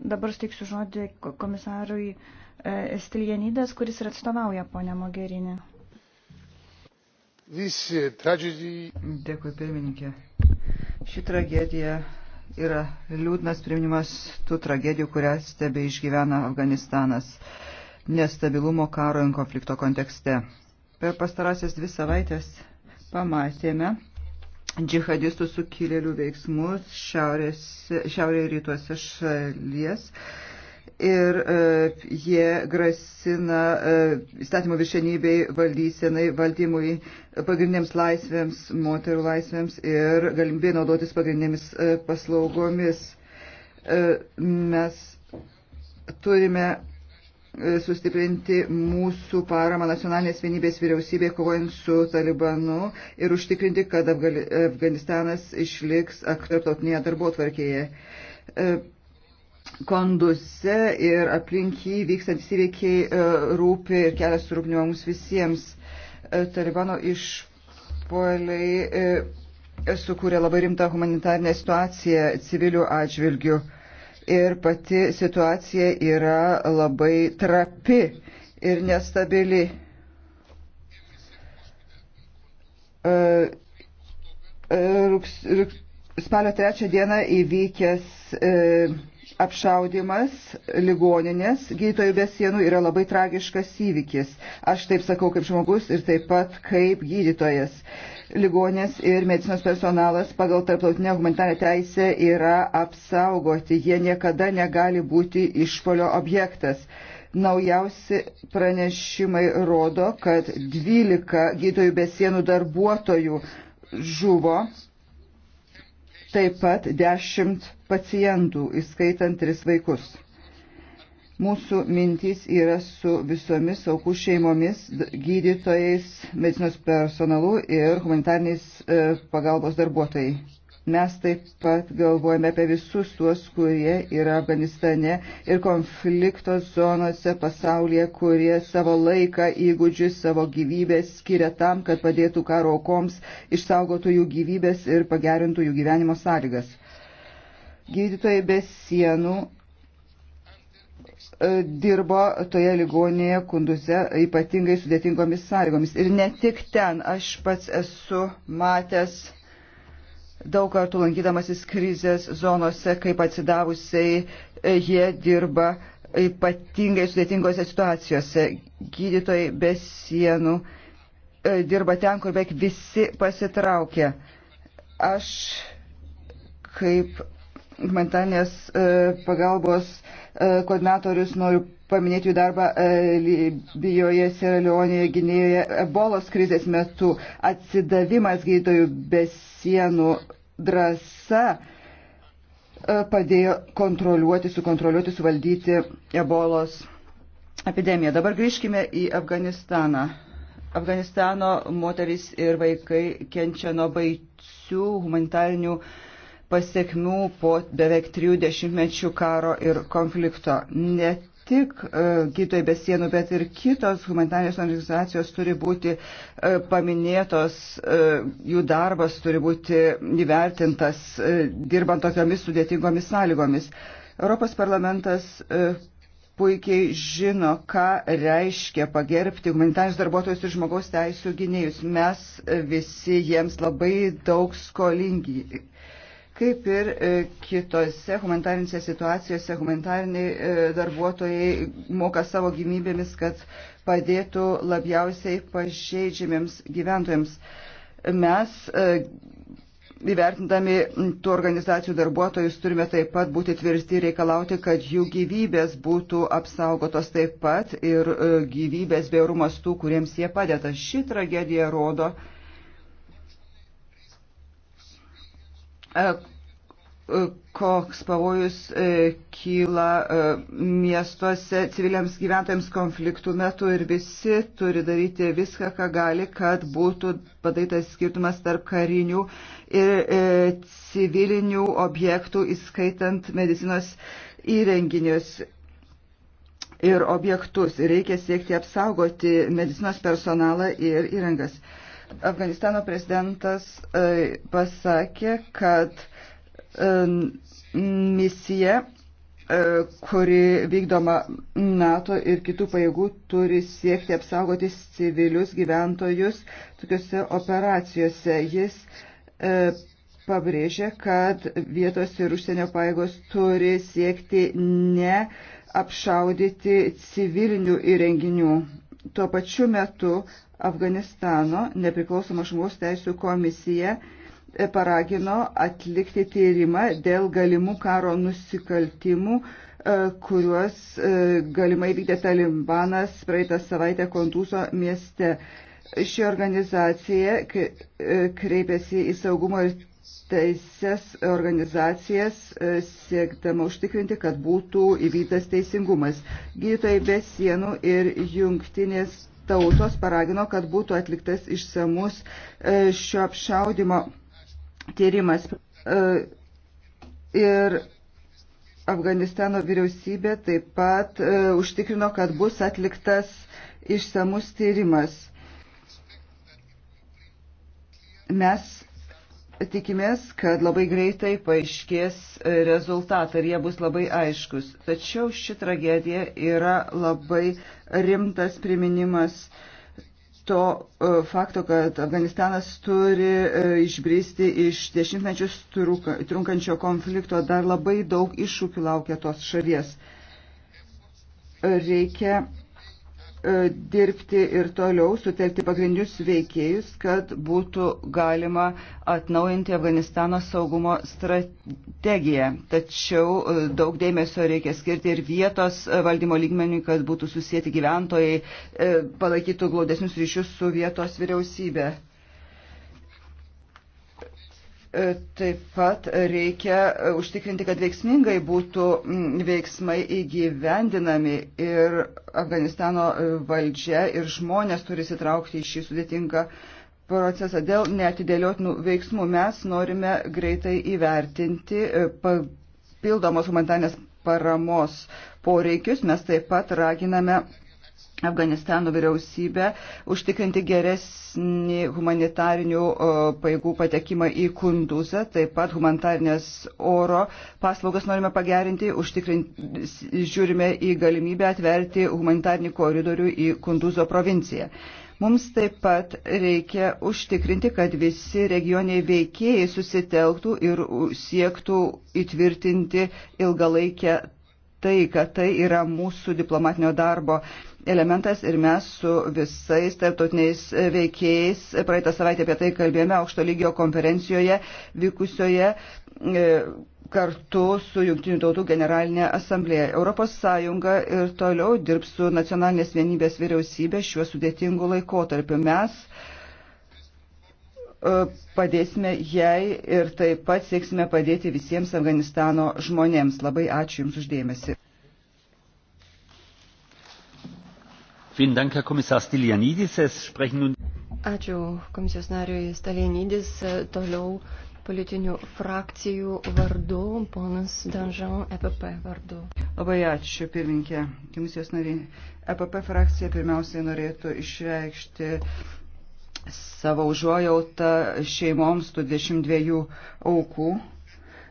Dabar steiksiu žodį komisarui e, Stilienidas, kuris ir atstovauja ponę Mogerinį. Tragedy... Dėkui, pirmininkė. Ši tragedija yra liūdnas priminimas tų tragedijų, kurias stebė išgyvena Afganistanas nestabilumo karo ir konflikto kontekste. Per pastarąsias dvi savaitės pamatėme, džihadistų sukilėlių veiksmus šiaurės, šiaurėje rytuose šalies. Ir e, jie grasina e, įstatymų viršenybei, valdysenai, valdymui, pagrindiniams laisvėms, moterų laisvėms ir galimybė naudotis pagrindinėmis e, paslaugomis. E, mes turime sustiprinti mūsų paramą nacionalinės vienybės vyriausybė kovojant su Talibanu ir užtikrinti, kad Afganistanas išliks aktarptautinėje darbo tvarkėje. E, Konduse ir aplink jį vykstantis įveikiai e, rūpi ir kelias surūpnimo mums visiems. E, Talibano išpoliai sukūrė labai rimtą humanitarnę situaciją civilių atžvilgių ir pati situacija yra labai trapi ir nestabili. E, e, rūks, rūks, spalio trečią dieną įvykęs e, apšaudimas ligoninės gydytojų be sienų yra labai tragiškas įvykis. Aš taip sakau kaip žmogus ir taip pat kaip gydytojas. E, ligonės ir medicinos personalas pagal tarptautinę humanitarę teisę yra apsaugoti. Jie niekada negali būti išpolio objektas. Naujausi pranešimai rodo, kad 12 gydytojų be sienų darbuotojų žuvo, taip pat 10 pacientų, įskaitant 3 vaikus. Mūsų mintys yra su visomis aukų šeimomis, gydytojais, medicinos personalu ir humanitarniais e, pagalbos darbuotojai. Mes taip pat galvojame apie visus tuos, kurie yra Afganistane ir konflikto zonose pasaulyje, kurie savo laiką, įgūdžius, savo gyvybę skiria tam, kad padėtų karo aukoms, išsaugotų jų gyvybės ir pagerintų jų gyvenimo sąlygas. Gydytojai be sienų E, dirbo toje ligonėje kunduze ypatingai sudėtingomis sąlygomis. Ir ne tik ten, aš pats esu matęs daug kartų lankydamasis krizės zonose, kaip atsidavusiai e, jie dirba ypatingai sudėtingose situacijose. Gydytojai be sienų e, dirba ten, kur beveik visi pasitraukia. Aš kaip humanitarnės e, pagalbos e, koordinatorius, noriu paminėti jų darbą e, Libijoje, Seraleonėje, Gynėjoje, ebolos krizės metu, atsidavimas gydytojų be sienų drąsa padėjo kontroliuoti, sukontroliuoti, suvaldyti ebolos epidemiją. Dabar grįžkime į Afganistaną. Afganistano moteris ir vaikai kenčia nuo baisių humanitarinių uh, pasiekmių po beveik trijų dešimtmečių karo ir konflikto. Ne tik e, gydytojai be sienų, bet ir kitos humanitarinės organizacijos turi būti e, paminėtos, e, jų darbas turi būti įvertintas, dirbant tokiamis sudėtingomis sąlygomis. Europos parlamentas puikiai žino, ką reiškia pagerbti humanitarinius darbuotojus ir žmogaus teisų gynėjus. Mes visi jiems labai daug skolingi Kaip ir e, kitose humanitarinėse situacijose, humanitariniai e, darbuotojai moka savo gimybėmis, kad padėtų labiausiai pažeidžiamiems gyventojams. Mes e, Įvertindami tų organizacijų darbuotojus turime taip pat būti tvirti ir reikalauti, kad jų gyvybės būtų apsaugotos taip pat ir gyvybės bei rumas tų, kuriems jie padeda. Ši tragedija rodo, E, e, koks pavojus e, kyla miestuose civiliams gyventojams konfliktų metu ir visi turi daryti viską, ką gali, kad būtų padarytas skirtumas tarp karinių ir civilinių objektų, įskaitant medicinos įrenginius ir objektus. Reikia siekti apsaugoti medicinos personalą ir įrangas. Afganistano prezidentas e, pasakė, kad e, misija, e, kuri vykdoma NATO ir kitų pajėgų, turi siekti apsaugoti civilius gyventojus tokiuose operacijose. Jis pabrėžė, kad vietos ir užsienio pajėgos turi siekti ne apšaudyti civilinių įrenginių tuo pačiu metu Afganistano nepriklausoma žmogaus teisų komisija e, paragino atlikti tyrimą dėl galimų karo nusikaltimų, e, kuriuos e, galimai vykdė Talibanas praeitą savaitę Kontuso mieste. Ši organizacija kreipėsi į saugumo ir teises organizacijas e, siekdama užtikrinti, kad būtų įvytas teisingumas. Gydytojai be sienų ir jungtinės tautos paragino, kad būtų atliktas išsamus e, šio apšaudimo tyrimas. E, ir Afganistano vyriausybė taip pat užtikrino, kad bus atliktas išsamus tyrimas. Mes tikimės, kad labai greitai paaiškės e, rezultatai ir jie bus labai aiškus. Tačiau ši tragedija yra labai rimtas priminimas to e, fakto, kad Afganistanas turi e, išbristi iš dešimtmečius trunkančio konflikto, dar labai daug iššūkių laukia tos šalies. Reikia E, dirbti ir toliau, sutelkti pagrindinius veikėjus, kad būtų galima atnaujinti Afganistano saugumo strategiją. Tačiau e, daug dėmesio reikia skirti ir vietos e, valdymo lygmeniui, kad būtų susijęti gyventojai, palaikytų glaudesnius ryšius su vietos vyriausybė. E, taip pat reikia užtikrinti, kad veiksmingai būtų veiksmai įgyvendinami ir Afganistano e, valdžia ir žmonės turi sitraukti į šį sudėtingą procesą. Dėl neatidėliotinų veiksmų mes norime greitai įvertinti e, papildomos humanitarnės paramos poreikius. Mes taip pat raginame Afganistano vyriausybę užtikrinti geresnį humanitarinių paėgų patekimą į Kunduzą, taip pat humanitarnės oro paslaugas norime pagerinti, žiūrime į galimybę atverti humanitarnį koridorių į Kunduzo provinciją. Mums taip pat reikia užtikrinti, kad visi regioniai veikėjai susitelktų ir siektų įtvirtinti ilgalaikę taiką. Tai yra mūsų diplomatinio darbo uh, elementas ir mes su visais tarptautiniais veikėjais praeitą savaitę apie tai kalbėjome aukšto lygio konferencijoje vykusioje e, kartu su Junktinių tautų generalinė asamblėje. Europos Sąjunga ir toliau dirbs su nacionalinės vienybės vyriausybė šiuo sudėtingu laikotarpiu. Mes e, padėsime jai ir taip pat sieksime padėti visiems Afganistano žmonėms. Labai ačiū Jums uždėmesi. Ačiū komisijos nariui Stalienydis. Toliau politinių frakcijų vardu, ponas Danžan, EPP vardu. Labai ačiū, pirminkė, komisijos nariai. EPP frakcija pirmiausiai norėtų išreikšti savo užuojautą šeimoms tų 22 aukų.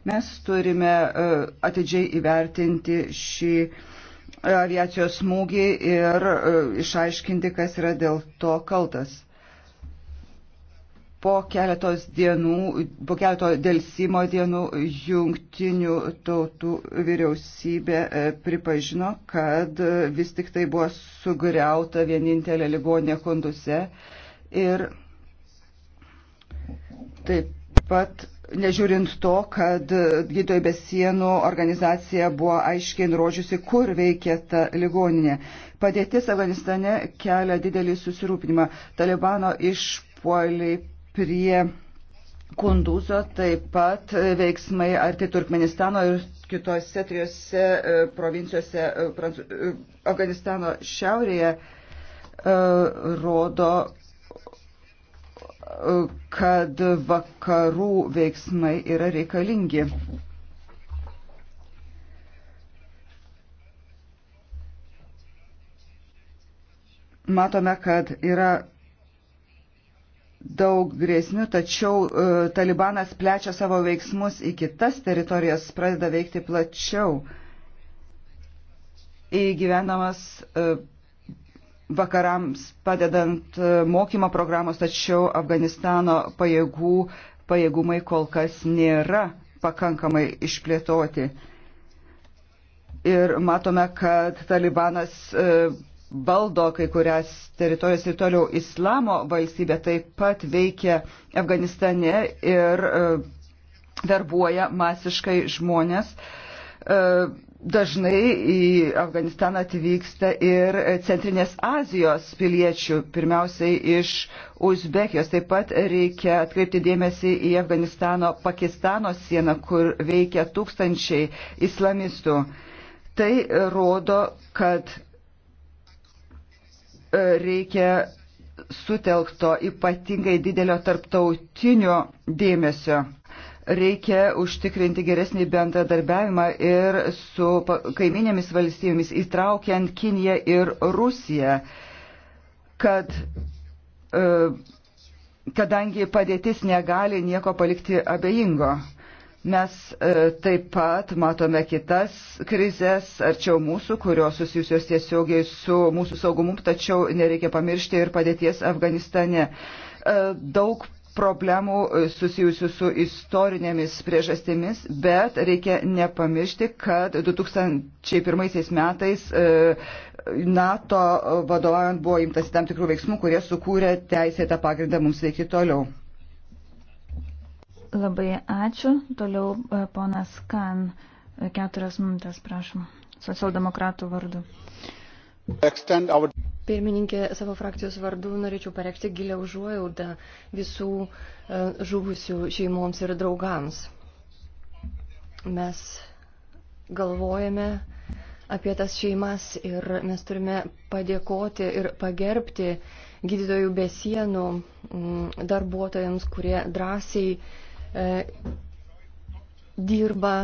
Mes turime e, atidžiai įvertinti šį aviacijos smūgį ir e, išaiškinti, kas yra dėl to kaltas. Po keletos dienų, po keleto dėlsimo dienų jungtinių tautų vyriausybė e, pripažino, kad e, vis tik tai buvo sugriauta vienintelė ligonė konduse ir taip pat nežiūrint to, kad gydytojų be sienų organizacija buvo aiškiai nurodžiusi, kur veikia ta ligoninė. Padėtis Afganistane kelia didelį susirūpinimą. Talibano išpoliai prie Kunduzo taip pat veiksmai arti Turkmenistano ir kitose trijose e, provincijose e, e, Afganistano šiaurėje rodo kad vakarų veiksmai yra reikalingi. Matome, kad yra daug grėsmių, tačiau e, Talibanas plečia savo veiksmus į kitas teritorijas, pradeda veikti plačiau, įgyvendamas e, vakarams padedant e, mokymo programos, tačiau Afganistano pajėgų pajėgumai kol kas nėra pakankamai išplėtoti. Ir matome, kad talibanas e, valdo kai kurias teritorijas ir toliau islamo valstybė taip pat veikia Afganistane ir e, verbuoja masiškai žmonės dažnai į Afganistaną atvyksta ir Centrinės Azijos piliečių, pirmiausiai iš Uzbekijos. Taip pat reikia atkreipti dėmesį į Afganistano Pakistano sieną, kur veikia tūkstančiai islamistų. Tai rodo, kad e, reikia sutelkto ypatingai didelio tarptautinio dėmesio Reikia užtikrinti geresnį bendradarbiavimą ir su kaiminėmis valstybėmis, įtraukiant Kiniją ir Rusiją, kad, e, kadangi padėtis negali nieko palikti abejingo. Mes e, taip pat matome kitas krizės arčiau mūsų, kurios susijusios tiesiogiai su mūsų saugumu, tačiau nereikia pamiršti ir padėties Afganistane. E, daug problemų e, susijusių su istorinėmis priežastimis, bet reikia nepamiršti, kad 2001 metais e, NATO vadovaujant buvo imtasi tam tikrų veiksmų, kurie sukūrė teisėtą pagrindą mums veikti toliau. Labai ačiū. Toliau e, ponas Kan, keturias minutės, prašom, socialdemokratų vardu. Extend our... Pirmininkė, savo frakcijos vardu norėčiau pareikšti gilę užuojaudą visų e, žuvusių šeimoms ir draugams. Mes galvojame apie tas šeimas ir mes turime padėkoti ir pagerbti gydytojų besienų mm, darbuotojams, kurie drąsiai e, dirba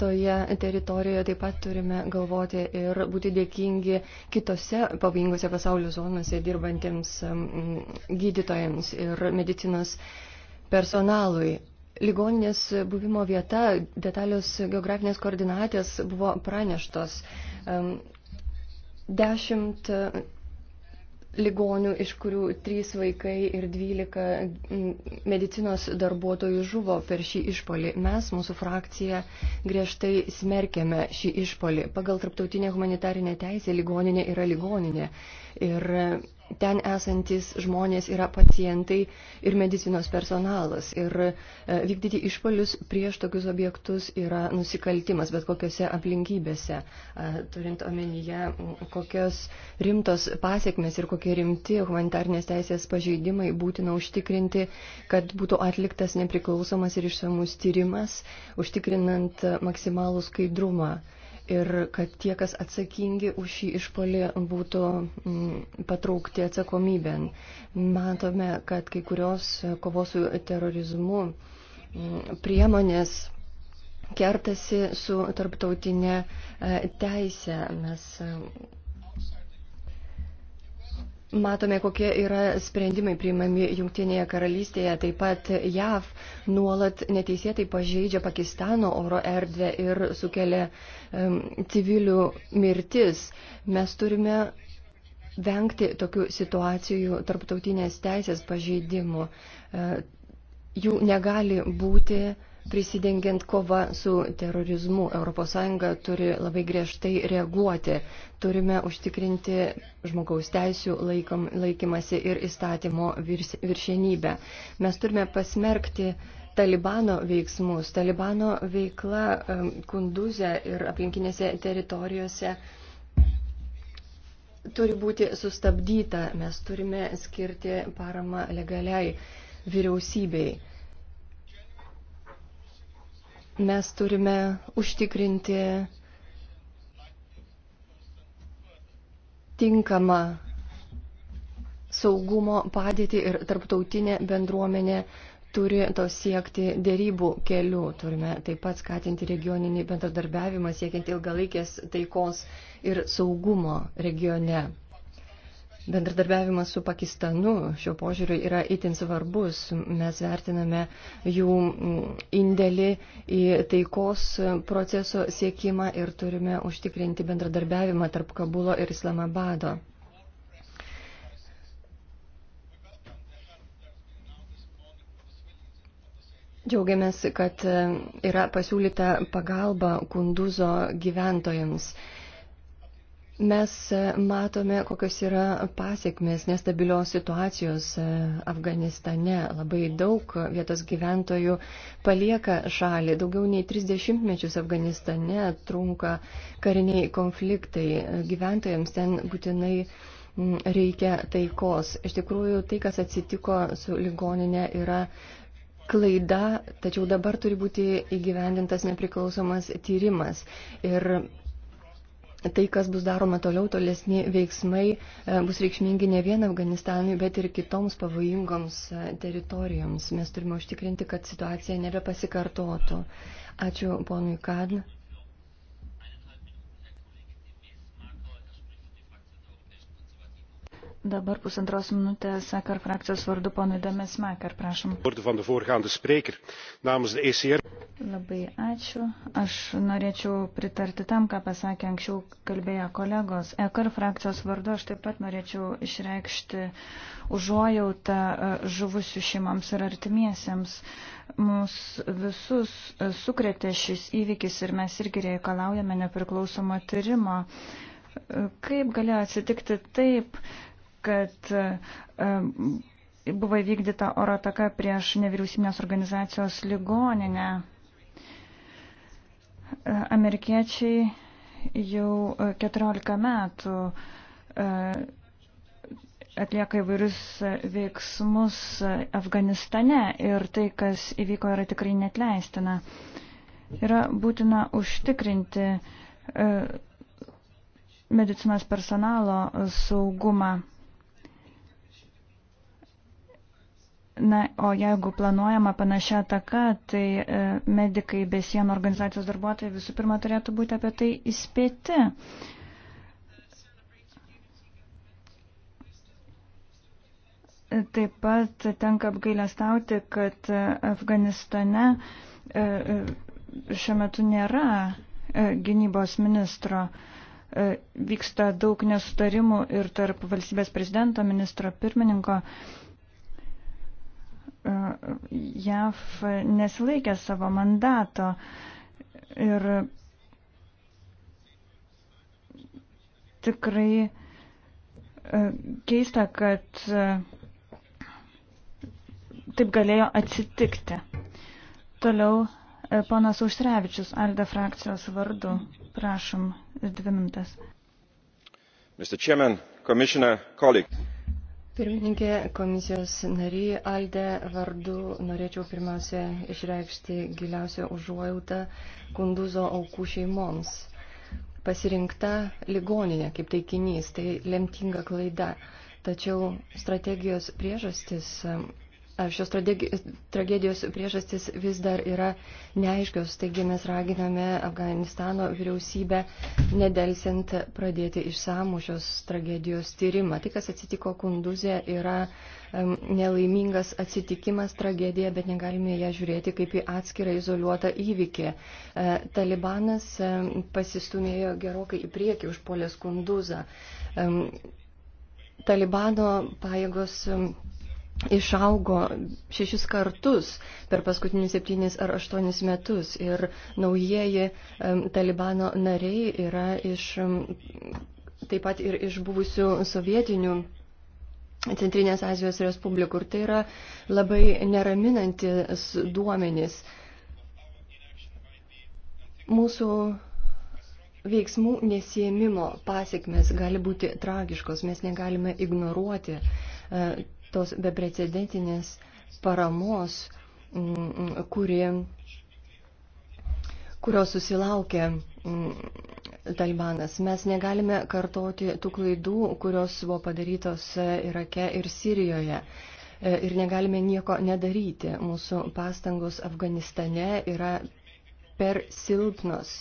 toje teritorijoje taip pat turime galvoti ir būti dėkingi kitose pavojingose pasaulio zonose dirbantiems gydytojams ir medicinos personalui. Ligoninės buvimo vieta, detalios geografinės koordinatės buvo praneštos. Dešimt ligonių, iš kurių 3 vaikai ir 12 medicinos darbuotojų žuvo per šį išpolį. Mes, mūsų frakcija, griežtai smerkėme šį išpolį. Pagal tarptautinę humanitarinę teisę ligoninė yra ligoninė. Ir ten esantis žmonės yra pacientai ir medicinos personalas. Ir e, vykdyti išpolius prieš tokius objektus yra nusikaltimas, bet kokiose aplinkybėse, e, turint omenyje, kokios rimtos pasiekmes ir kokie rimti humanitarnės teisės pažeidimai būtina užtikrinti, kad būtų atliktas nepriklausomas ir išsamus tyrimas, užtikrinant maksimalų skaidrumą ir kad tie, kas atsakingi už šį išpolį, būtų mm, patraukti atsakomybėn. Matome, kad kai kurios kovos su terorizmu mm, priemonės kertasi su tarptautinė e, teisė. Mes Matome, kokie yra sprendimai priimami Junktinėje karalystėje, taip pat JAV nuolat neteisėtai pažeidžia Pakistano oro erdvę ir sukelia um, civilių mirtis. Mes turime vengti tokių situacijų tarptautinės teisės pažeidimų. Uh, jų negali būti uh, prisidengiant kova su terorizmu. ES turi labai griežtai reaguoti. Turime užtikrinti žmogaus teisų laikom, laikymasi ir įstatymo virs, viršienybę. Mes turime pasmerkti Talibano veiksmus. Talibano veikla Kunduze ir aplinkinėse teritorijose turi būti sustabdyta. Mes turime skirti paramą legaliai vyriausybei mes turime užtikrinti tinkamą saugumo padėtį ir tarptautinė bendruomenė turi to siekti dėrybų keliu. Turime taip pat skatinti regioninį bendradarbiavimą siekiant ilgalaikės taikos ir saugumo regione. Bendradarbiavimas su Pakistanu šio požiūriu yra itin svarbus. Mes vertiname jų mm, indėlį į taikos proceso siekimą ir turime užtikrinti bendradarbiavimą tarp Kabulo ir Islamabado. Džiaugiamės, kad e, yra pasiūlyta pagalba Kunduzo gyventojams. Mes e, matome, kokios yra pasiekmes nestabilios situacijos e, Afganistane. Labai daug vietos gyventojų palieka šalį. Daugiau nei 30 mečius Afganistane trunka kariniai konfliktai. Gyventojams ten būtinai reikia taikos. Iš tikrųjų, tai, kas atsitiko su ligoninė, yra klaida, tačiau dabar turi būti įgyvendintas nepriklausomas tyrimas. Ir tai, kas bus daroma toliau, tolesni veiksmai e, bus reikšmingi ne vien Afganistanui, bet ir kitoms pavojingoms e, teritorijoms. Mes turime užtikrinti, kad situacija nebepasikartotų. Ačiū ponui Kadn. Dabar pusantros minutės Ekar frakcijos vardu ponui Demes Mekar, prašom. Labai ačiū. Aš norėčiau pritarti tam, ką pasakė anksčiau kalbėję kolegos. EKR frakcijos vardu aš taip pat norėčiau išreikšti užuojautą e, žuvusių šeimams ir artimiesiems. Mūsų visus e, sukrėtė šis įvykis ir mes irgi reikalaujame nepriklausomo tyrimo. E, kaip galėjo atsitikti taip, kad buvo įvykdyta oro ataka prieš nevyriausybinės organizacijos ligoninę? Amerikiečiai jau 14 e, metų e, atlieka įvairius veiksmus Afganistane ir tai, kas įvyko, yra tikrai netleistina. Yra būtina užtikrinti e, medicinos personalo saugumą Na, o jeigu planuojama panašia ataka, tai e, medikai be sienų organizacijos darbuotojai visų pirma turėtų būti apie tai įspėti. Taip pat tenka apgailestauti, kad Afganistane e, e, šiuo metu nėra gynybos ministro. Vyksta daug nesutarimų ir tarp valstybės prezidento, ministro pirmininko. E, JAV nesilaikė savo mandato ir tikrai e, keista, kad e, taip galėjo atsitikti. Toliau ponas Užsrevičius, Alde frakcijos vardu. Prašom, dvi minutės. Mr. Chairman, Commissioner, colleagues. Pirmininkė, komisijos nariai Alde vardu norėčiau pirmiausia išreikšti giliausią užuojautą Kunduzo aukų šeimoms. Pasirinkta ligoninė kaip taikinys, tai lemtinga klaida. Tačiau strategijos priežastis Šios tragedijos priežastis vis dar yra neaiškios, taigi mes raginame Afganistano vyriausybę nedelsiant pradėti išsamų šios tragedijos tyrimą. Tai, kas atsitiko Kunduzė, yra um, nelaimingas atsitikimas tragedija, bet negalime ją žiūrėti kaip į atskirą izoliuotą įvykį. Uh, talibanas um, pasistumėjo gerokai į priekį užpolės Kunduzą. Um, Talibano pajėgos. Um, išaugo šešis kartus per paskutinius septynis ar aštuonis metus ir naujieji Talibano nariai yra iš taip pat ir iš buvusių sovietinių Centrinės Azijos Respublikų ir tai yra labai neraminantis duomenys. Mūsų veiksmų nesiemimo pasiekmes gali būti tragiškos, mes negalime ignoruoti e, tos beprecedentinės paramos, mm, mm, kuri, kurios susilaukė mm, Talibanas. Mes negalime kartoti tų klaidų, kurios buvo padarytos e, Irake ir Sirijoje. E, ir negalime nieko nedaryti. Mūsų pastangos Afganistane yra per silpnos.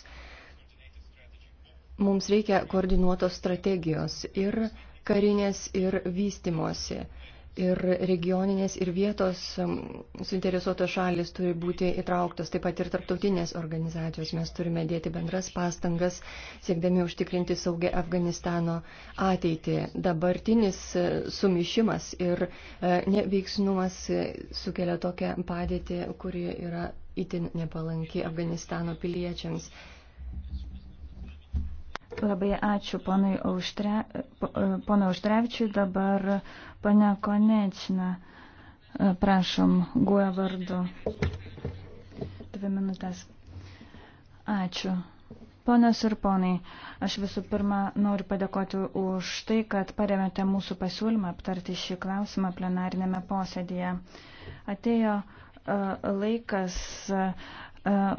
Mums reikia koordinuotos strategijos ir karinės, ir vystimosi ir regioninės ir vietos um, suinteresuotos šalis turi būti įtrauktos, taip pat ir tarptautinės organizacijos. Mes turime dėti bendras pastangas, siekdami užtikrinti saugę Afganistano ateitį. Dabartinis e, sumišimas ir e, neveiksnumas e, sukelia tokią padėtį, kuri yra itin nepalanki Afganistano piliečiams. Labai ačiū ponui Auštre, e, pono Auštrevičiui. Dabar pane Konečina, e, prašom, guo e vardu. Dvi minutės. Ačiū. Ponas ir ponai, aš visų pirma noriu padėkoti už tai, kad paremėte mūsų pasiūlymą aptarti šį klausimą plenarinėme posėdėje. Atėjo laikas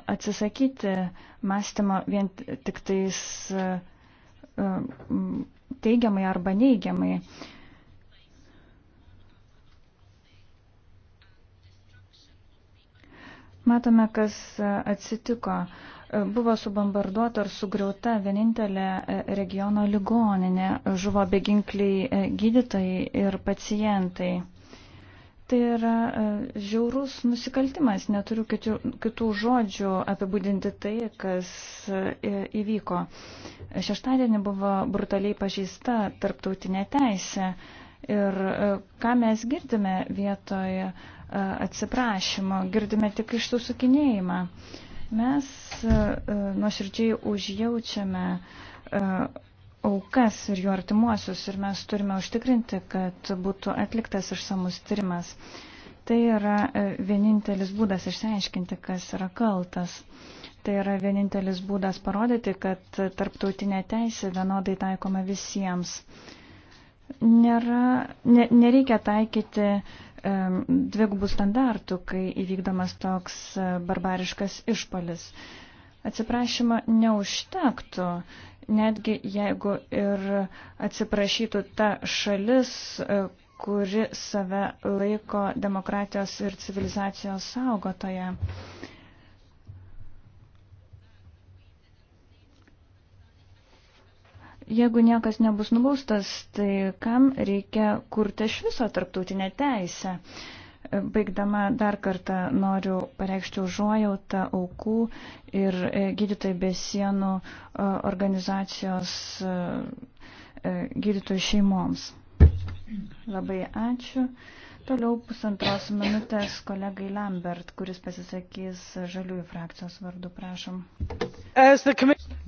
atsisakyti mąstymo vien tik tais teigiamai arba neigiamai. Matome, kas atsitiko. Buvo subombarduota ir sugriauta vienintelė e, regiono ligoninė, žuvo beginkliai e, gydytojai ir pacientai. Tai yra e, žiaurus nusikaltimas, neturiu kitų, kitų žodžių apibūdinti tai, kas e, įvyko. Šeštadienį buvo brutaliai pažįsta tarptautinė teisė ir e, ką mes girdime vietoje atsiprašymo, girdime tik išsusukinėjimą. Mes nuoširdžiai užjaučiame aukas ir jų artimuosius ir mes turime užtikrinti, kad būtų atliktas išsamus tyrimas. Tai yra e, vienintelis būdas išsiaiškinti, kas yra kaltas. Tai yra vienintelis būdas parodyti, kad tarptautinė teisė vienodai taikoma visiems. Nėra, ne, nereikia taikyti e, dvigubų standartų, kai įvykdomas toks e, barbariškas išpolis. Atsiprašymo neužtektų. E, netgi jeigu ir atsiprašytų ta šalis, e, kuri save laiko demokratijos ir civilizacijos saugotoje. Jeigu niekas nebus nubaustas, tai kam reikia kurti iš viso tarptautinę teisę? Uh, Baigdama dar kartą noriu pareikšti užuojautą aukų ir e, gydytojai be sienų e, organizacijos e, gydytojų šeimoms. Labai ačiū. Toliau pusantros minutės kolegai Lambert, kuris pasisakys žaliųjų frakcijos vardu, prašom.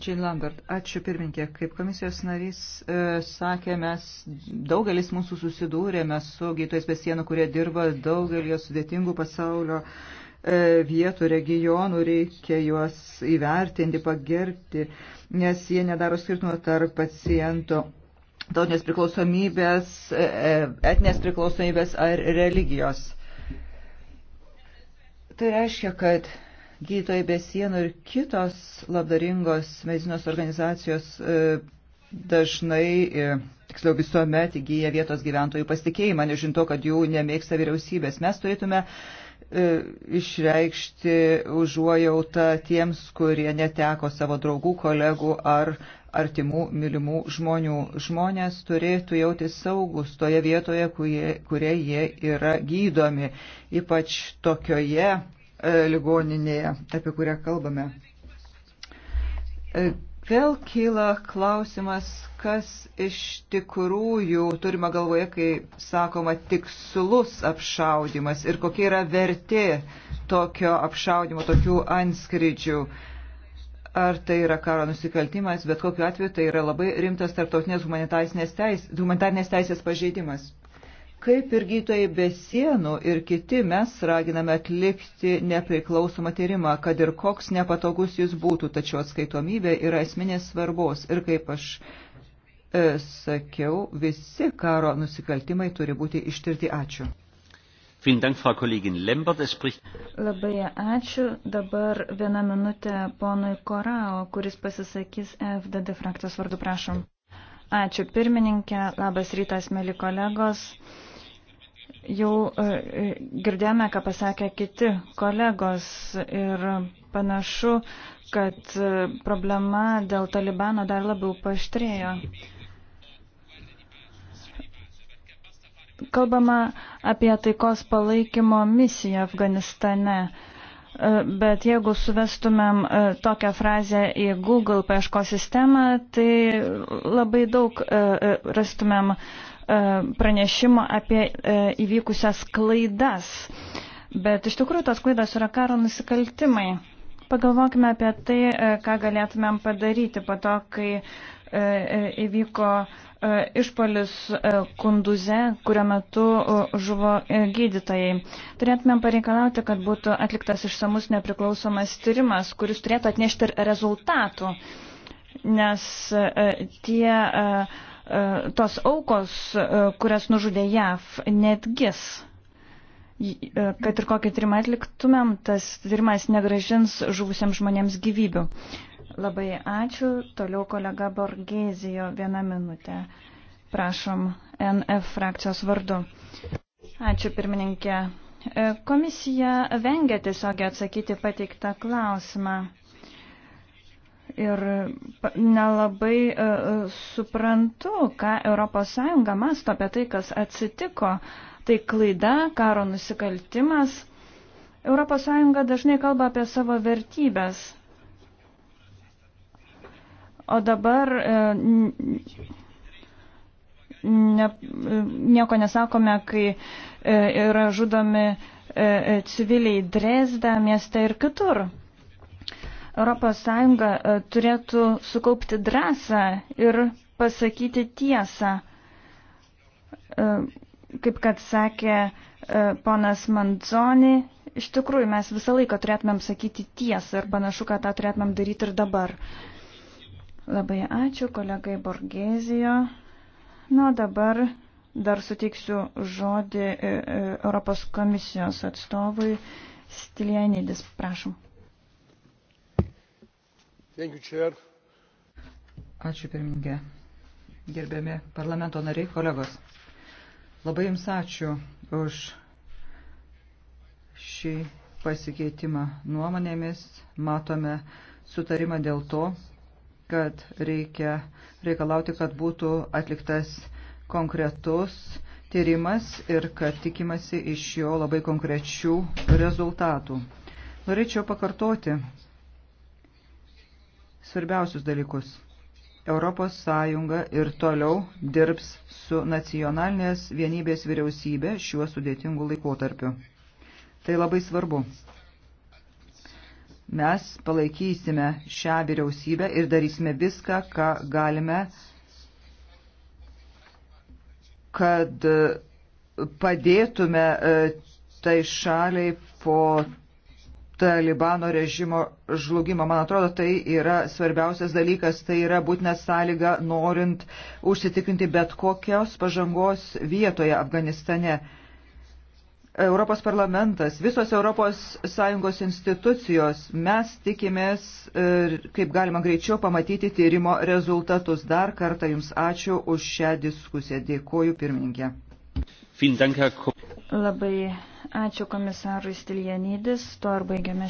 Jean Lambert, ačiū pirminkė. Kaip komisijos narys e, sakė, mes daugelis mūsų susidūrėme su gytojais be sienų, kurie dirba daugelį sudėtingų pasaulio e, vietų, regionų reikia juos įvertinti, pagerti, nes jie nedaro skirtumo tarp paciento tautinės priklausomybės, e, e, etinės priklausomybės ar religijos. Tai reiškia, kad gydytojai be sienų ir kitos labdaringos medicinos organizacijos e, dažnai, tiksliau visuomet, įgyja vietos gyventojų pasitikėjimą, nežinant to, kad jų nemėgsta vyriausybės. Mes turėtume išreikšti užuojautą tiems, kurie neteko savo draugų, kolegų ar artimų, mylimų žmonių. Žmonės turėtų jautis saugus toje vietoje, kurie, kurie jie yra gydomi, ypač tokioje e, ligoninėje, apie kurią kalbame. E, Vėl kyla klausimas, kas iš tikrųjų turima galvoje, kai sakoma tikslus apšaudimas ir kokia yra vertė tokio apšaudimo, tokių anskridžių. E, ar tai yra karo nusikaltimas, bet kokiu atveju tai yra labai rimtas tarptautinės humanitarnės teis, teisės pažeidimas. Kaip ir gytojai be sienų ir kiti mes raginame atlikti nepriklausomą tyrimą, kad ir koks nepatogus jis būtų, tačiau atskaitomybė yra esminės svarbos. Ir kaip aš e, sakiau, visi karo nusikaltimai turi būti ištirti. Ačiū. Labai ačiū. Dabar vieną minutę ponui Korao, kuris pasisakys FDD frakcijos vardu, prašom. Ačiū pirmininkė, labas rytas, mėly kolegos. Jau e, e, girdėjome, ką pasakė kiti kolegos ir panašu, kad e, problema dėl Talibano dar labiau paštrėjo. Kalbama apie taikos palaikymo misiją Afganistane. E, bet jeigu suvestumėm e, tokią frazę į Google paieško sistemą, tai labai daug e, rastumėm pranešimų apie įvykusias klaidas. Bet iš tikrųjų tos klaidos yra karo nusikaltimai. Pagalvokime apie tai, ką galėtumėm padaryti po to, kai įvyko E, išpalis e, Kunduze, kurio metu e, žuvo gydytojai. Turėtumėm pareikalauti, kad būtų atliktas išsamus nepriklausomas tyrimas, kuris turėtų atnešti ir rezultatų, nes tie, tos aukos, kurias nužudė JAV, netgis kad ir kokį tyrimą atliktumėm, tas tyrimas negražins žuvusiems žmonėms gyvybių. Labai ačiū. Toliau kolega Borgėzijo vieną minutę. Prašom, NF frakcijos vardu. Ačiū pirmininkė. E, komisija vengia tiesiog atsakyti pateiktą klausimą ir nelabai e, suprantu, ką ES masto apie tai, kas atsitiko. Tai klaida, karo nusikaltimas. ES dažnai kalba apie savo vertybės, O dabar e, ne, e, nieko nesakome, kai e, yra žudomi civiliai Dresda mieste ir kitur. ES turėtų sukaupti drąsą ir pasakyti tiesą. Kaip kad sakė ponas Mandzoni, iš tikrųjų mes visą laiką turėtumėm sakyti tiesą ir panašu, kad tą turėtumėm daryti ir dabar. Labai ačiū kolegai Borgezijo. Na, dabar dar suteiksiu žodį e, e, Europos komisijos atstovui Stilienidis, prašom. Ačiū pirmininkė. Gerbiami parlamento nariai, kolegos. Labai Jums ačiū už šį pasikeitimą nuomonėmis. Matome sutarimą dėl to, kad reikia reikalauti, kad būtų atliktas konkretus tyrimas ir kad tikimasi iš jo labai konkrečių rezultatų. Norėčiau pakartoti svarbiausius dalykus. Europos Sąjunga ir toliau dirbs su nacionalinės vienybės vyriausybė šiuo sudėtingu laikotarpiu. Tai labai svarbu. Mes palaikysime šią vyriausybę ir darysime viską, ką galime, kad e, padėtume e, tai šaliai po talibano režimo žlugimo. Man atrodo, tai yra svarbiausias dalykas, tai yra būtina sąlyga norint užsitikrinti bet kokios pažangos vietoje Afganistane. Europos parlamentas, visos ES institucijos, mes tikimės, e, kaip galima greičiau, pamatyti tyrimo rezultatus. Dar kartą Jums ačiū už šią diskusiją. Dėkuoju, pirmininkė. Labai ačiū komisarui Stiljanydis. Tuo ar baigiame.